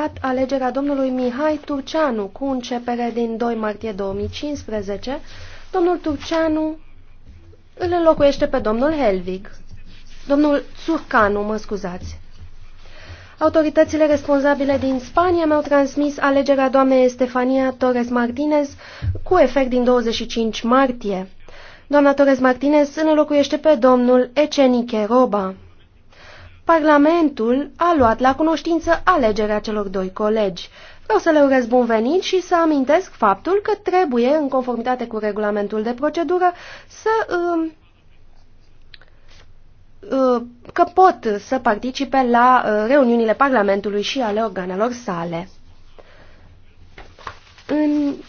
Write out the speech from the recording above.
participat alegerea domnului Mihai Turceanu cu începere din 2 martie 2015. Domnul Turceanu îl înlocuiește pe domnul Helvig. Domnul Țurcanu, mă scuzați. Autoritățile responsabile din Spania mi-au transmis alegerea doamnei Estefania Torres Martinez cu efect din 25 martie. Doamna Torres Martinez înlocuiește pe domnul Ecenike Roba. Parlamentul a luat la cunoștință alegerea celor doi colegi. Vreau să le urez bun venit și să amintesc faptul că trebuie, în conformitate cu regulamentul de procedură, să... Um, uh, că pot să participe la uh, reuniunile Parlamentului și ale organelor sale. În